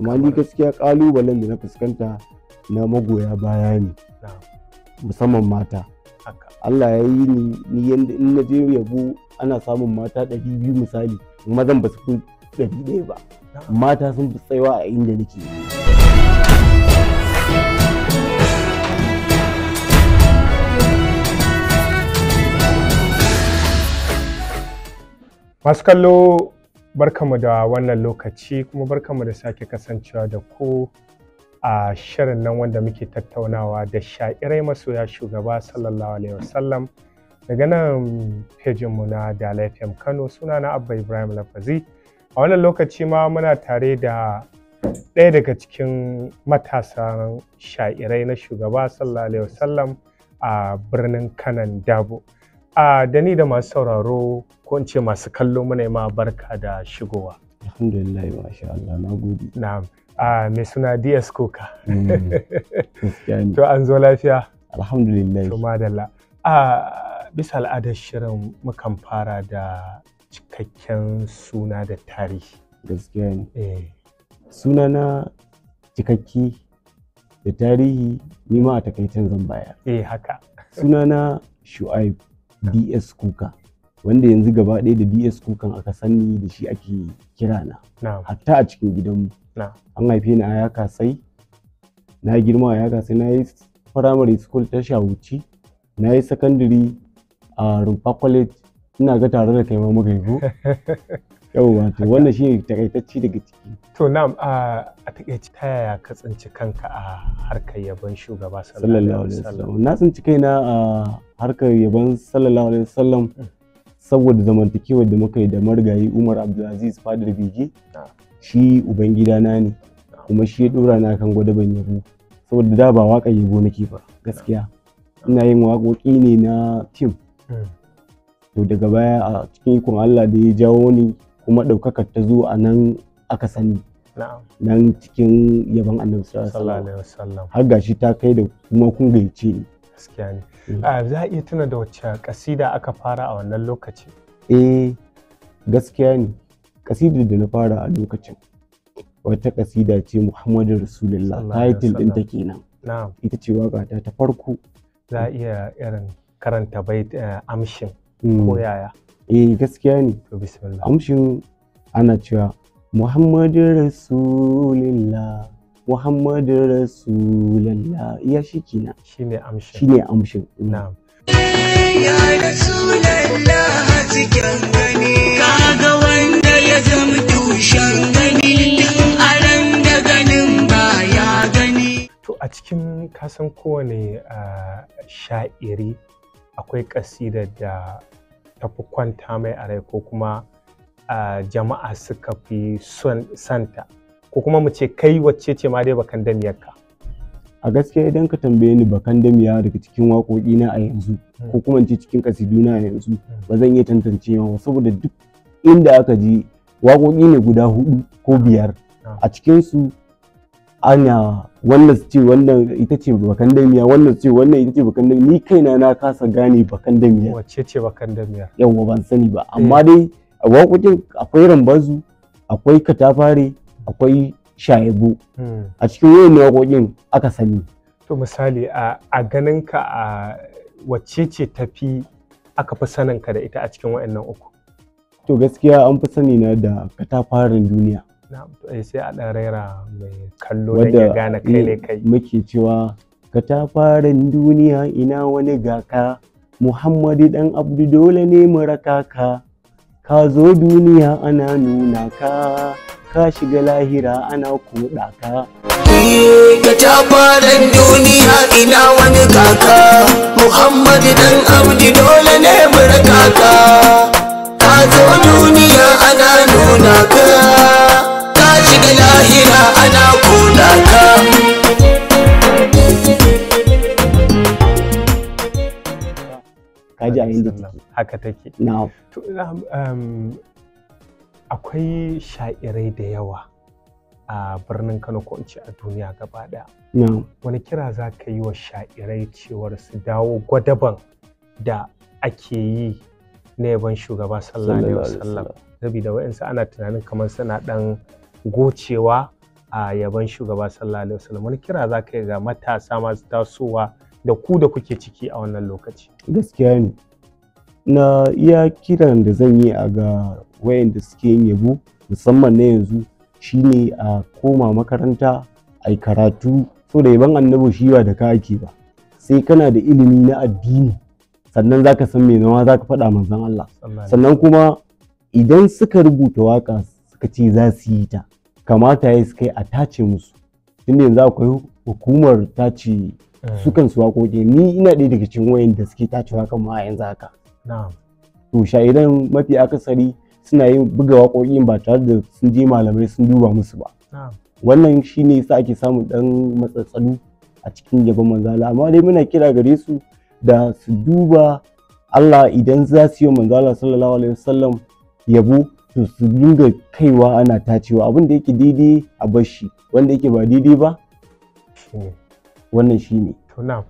amma ni gaskiya kalubalen da na fuskanta na magoya baya ne musamman mata Allah ya yi ni ni yanda in na je yabo ana samun mata ɗari biyu misali mazan ba su fi ɗari ɗaya ba mata sun fi tsayawa a inda nake masu kallo barkamu da wannan lokaci kuma barkamu da sake kasancewa da ku a shirin nan wanda muke tattaunawa da sha'irai masoya shugaba sallallahu alaihi wasallam daga nan mu na Dala FM Kano suna na Abba Ibrahim Lafazi a wannan lokaci ma muna tare da ɗaya daga cikin matasan sha'irai na shugaba sallallahu alaihi wasallam a birnin Kanan Dabo. A da ni da masu sauraro ko in ce masu kallo muna ma barka da shigowa. Alhamdulillah sha Allah na gode. Na'am. A mai suna DS Koka. Mm, to an zo lafiya. Alhamdulillah. To madalla. A bisa al'adar shirin mukan fara da cikakken suna da tarihi. Gaskiya ne. Eh. Suna na cikakki da tarihi ni ma a takaicen zan baya. Eh haka. Suna na Shu'aib ds kuka wanda yanzu gaba ɗaya da ds kukan aka sani da shi ake kira na hatta a cikin gidanmu an haife ni a yaka sai na girma a yaka sai na yi primary school ta shawuci na yi secondary a rumfa college ina ga tare da kai ma muka yi yauwa wannan shi ne takaitacci daga ciki to na a takaici ta yaya ka tsinci kanka a harkar yabon shugaba sallallahu alaihi wasallam na tsinci kaina a harkar yaban sallallahu alaihi wasallam saboda zamantakewar da muka yi da marigayi Umar Abdulaziz Fadar Bege shi ubangida na ne kuma shi ya dora na kan gwadaban yabo saboda da ba waƙar yabo nake ba gaskiya ina yin waƙoƙi ne na tim hmm. to daga baya a cikin ikon Allah da ya jawo ni kuma ɗaukakar ta zo a nan aka sani nan cikin yaban annabi sallallahu alaihi wasallam har gashi ta kai da kuma kun ni gaskiya ne mm. ah, za a iya tuna da wacce kasida aka fara a wannan lokaci eh gaskiya ne kasidar da na fara a lokacin wata kasida ce muhammadu rasulullah title din ta kenan ita ce waka ta ta farko za a iya irin karanta bai eh, amshin mm. ko yaya eh gaskiya ne amshin ana cewa muhammadu rasulullah Muhammadu Rasulallah iya shi kenan shine amshin shine amshin na'am ya Rasulallah cikin gani kaga wanda ya zama tushen gani aran da ganin ba ya gani to a cikin kasan kowane sha'iri akwai ƙasidar da tafi kwanta mai a ko kuma jama'a suka fi son santa ko kuma mu ce kai wacce ce ma dai bakan damiyar ka. a gaskiya idan ka tambaye ni bakan damiya daga cikin waƙoƙi na a yanzu ko kuma ce cikin kasidu na a yanzu ba zan iya tantance ba saboda duk inda aka ji waƙoƙi ne guda hudu ko biyar a cikin su ana wannan su ce wannan ita ce bakan damiya wannan su ce wannan ita ce bakan damiya ni kaina na kasa gane bakan damiya wacce ce bakan damiya yawa ban sani ba amma eh. dai a waƙoƙin akwai rambazu akwai katafare akwai sha'ibu hmm. a cikin wayan waƙoƙin aka sani to misali a ganin a wacce ce tafi aka fi sanin ka da ita a cikin waɗannan uku to gaskiya an fi sani na da katafarin duniya eh, sai a ɗan raira mai kallo da ya gane kai ne eh, kai muke cewa katafarin duniya ina wani gaka muhammadu ɗan abdu dole ne mu raka ka ka zo duniya ana nuna ka ka shiga lahira ana kuɗa ka ka ta ran duniya ina wani kaka muhammad dan abdi dole ne mu ka zo duniya ana nuna ka ka shiga lahira ana kuɗa ka kaji a yin haka take na'am um, akwai sha'irai da yawa a birnin kano ko a duniya gaba ɗaya wani kira za ka yi wa sha'irai cewar su dawo gwadaban da ake yi na yaban shugaba sallallahu alaihi wasallam saboda wa'insu ana tunanin kamar suna ɗan gocewa a yaban shugaba sallallahu alaihi wasallam wani kira za ka yi ga matasa masu tasowa da ku da kuke ciki a wannan lokaci gaskiya ne na iya kiran da zan yi a ga wayanda suke yin yabo musamman na yanzu shine a koma makaranta a karatu so da yaban annabi shi ba da ka ake ba sai kana da ilimi na addini sannan zaka san me nawa zaka faɗa manzon Allah sannan kuma idan suka rubuta waka suka ce za su yi ta kamata ya suka yi a tace musu tunda yanzu akwai hukumar tace sukan eh. su waƙoƙi ni ina ɗaya daga cikin wayanda suke tace waƙan ma yanzu haka to sha'iran mafi akasari suna yin buga waƙoƙin ba tare da sun je malamai sun duba musu ba wannan shine yasa ake samun dan matsatsalu a cikin gaban manzala amma dai muna kira gare su da su duba Allah idan za su yi manzala sallallahu alaihi wasallam yabo to su dinga kaiwa ana tacewa abin da yake daidai a bashi wanda yake ba daidai ba wannan shine to na'am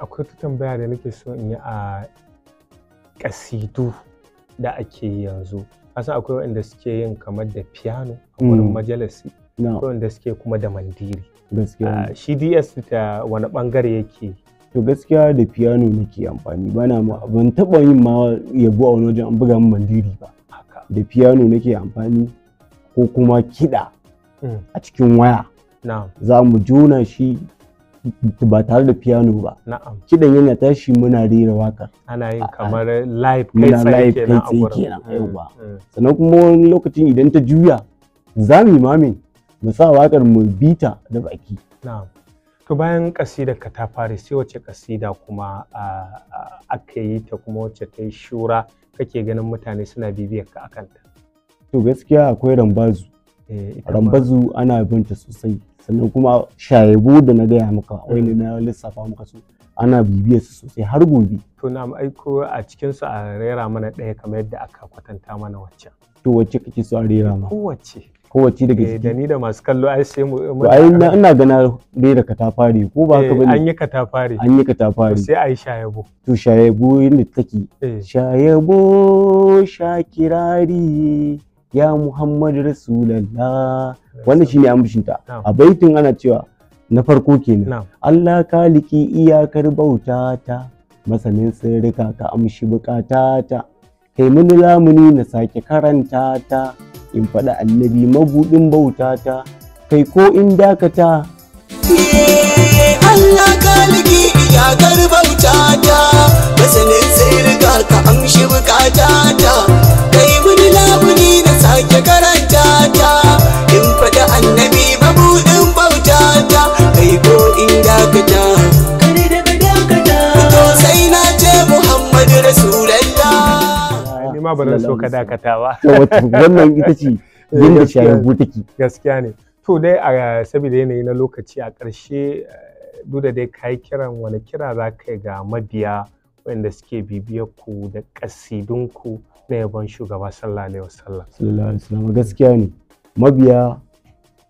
akwai tambaya da nake so in yi a kasidu da ake yi yanzu kasan akwai wanda suke yin kamar da piano a hmm. wurin majalisi akwai wanda suke kuma da mandiri ah, shi ds ta wani bangare yake to gaskiya da piano nake amfani bana ma ban taba yin ma yabo a wani wajen an buga min mandiri ba da piano nake amfani ko kuma kiɗa hmm. a cikin waya za mu juna shi ba tare da piano ba na'am kidan yana tashi muna rera waƙar. ana yin kamar live kai tsaye kenan a gurin mm, mm. sannan kuma wani lokacin idan ta juya za mu mamin mu sa wakar mu bita da baki to bayan ƙasidar ka ta fare sai wace ƙasida kuma aka yi ta kuma wacce ta yi shura kake ganin mutane suna bibiyar ka ta. to gaskiya akwai rambazu Eh, rambazu ana binta sosai sannan kuma shayebu da na gaya maka ne hmm. na lissafa maka su ana bibiyar su sosai har gobe to na aiko a cikin su a rera mana ɗaya kamar yadda aka kwatanta mana wacce. to wacce kake so a rera ma kowace kowace daga eh, ciki da ni da masu kallo ai sai mu to ai ina gana rera fare ko ba ka eh, bane an yi fare an yi fare sai ai shayabo to shayabo yadda take shayabo shakirari ya Muhammadu Rasulallah wannan shine ta a baitin ana cewa na farko kenan Allah kaliki iyakar bauta ta masanin sirrika ka amshi bukata ta kai mini lamuni na sake karanta ta in faɗa annabi mabudin bauta ta kai ko in dakata eh, Allah kaliki iyakar bauta ta masanin sirrika ka amshi bukata ta kai mini lamuni na sake karanta ta in faɗi annabi mabuɗin bauta ta kai ko in dakata to sai na ce muhammadu rasulallah ni ma ba zan so ka dakata ba wannan ita ce yadda shayin butiki gaskiya ne to dai a saboda yanayi na lokaci a ƙarshe eh, duk da dai kai kiran wani kira za ka ga mabiya wanda suke bibiyar ku da ku na yabon shugaba sallallahu alaihi wasallam sallallahu alaihi wasallam gaskiya ne mabiya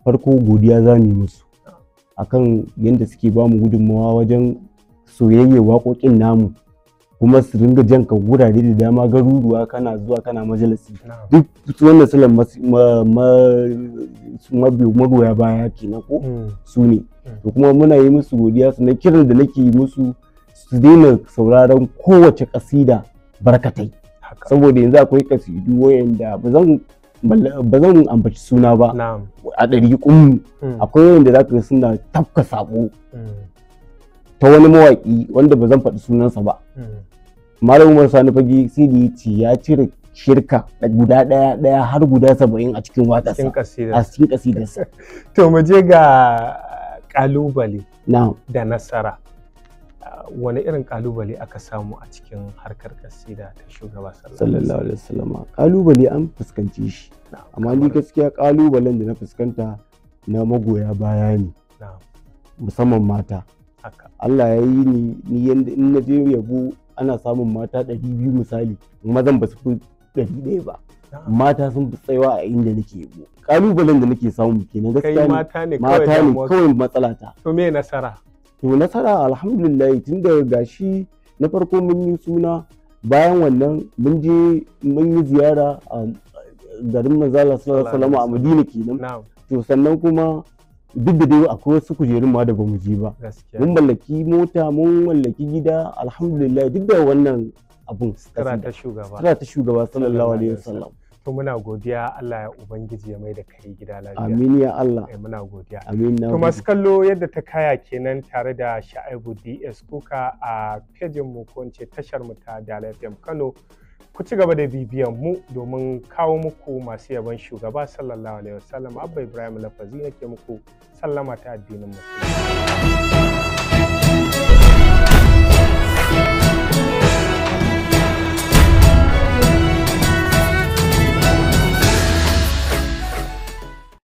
farko godiya za mu yi musu akan yanda suke ba mu gudunmawa wajen soyayya waƙoƙin namu kuma su ringa jan ka wurare da dama garuruwa kana zuwa kana majalisi duk su wannan salon magoya baya kenan ko mm. su ne mm. kuma muna yi musu godiya su na kiran da nake yi musu su daina sauraron kowace kasida barkatai saboda yanzu akwai kasidu wayanda ba zan ambaci suna ba a ɗari ƙunmu hmm. akwai wanda za ka suna tafka sabo hmm. ta wani mawaƙi wanda ba zan faɗi sunansa ba hmm. malam umar sani fage cdc ya cire shirka guda ɗaya ɗaya har guda saba'in a cikin watasa a cikin kasidarsa to mu ga ƙalubale da nasara wani irin kalubale aka samu a cikin harkar kasida ta shugaba sallallahu alaihi wasallam kalubale an fuskanci shi amma ni gaskiya kalubalen da na fuskanta na magoya baya ne musamman mata Allah ya yi ni ni yanda in na je yabo ana samun mata ɗari biyu misali mazan ba su fi ɗari ɗaya ba mata sun fi tsayawa a inda nake yabo kalubalen da nake samu kenan gaskiya mata ne kawai matsalata to me nasara to nasara alhamdulillah tun da gashi na farko mun yi suna bayan wannan mun je mun yi ziyara a garin manzala sallallahu a madina kenan to sannan kuma duk da dai akwai wasu kujerun ma da bamu je ba mun mallaki mota mun mallaki gida alhamdulillah duk da wannan abun sira ta shugaba sallallahu alaihi wasallam to muna godiya Allah ya ubangiji ya mai da kai gida lafiya amin ya Allah eh, muna godiya amin na to masu kallo yadda ta kaya kenan tare da Sha'ibu DS Kuka a pejin mu ko ce tashar mu ta Dala Kano ku ci gaba da bibiyan mu domin kawo muku masu yaban shugaba sallallahu alaihi wasallam Abba Ibrahim Lafazi yake muku sallama ta addinin musulmi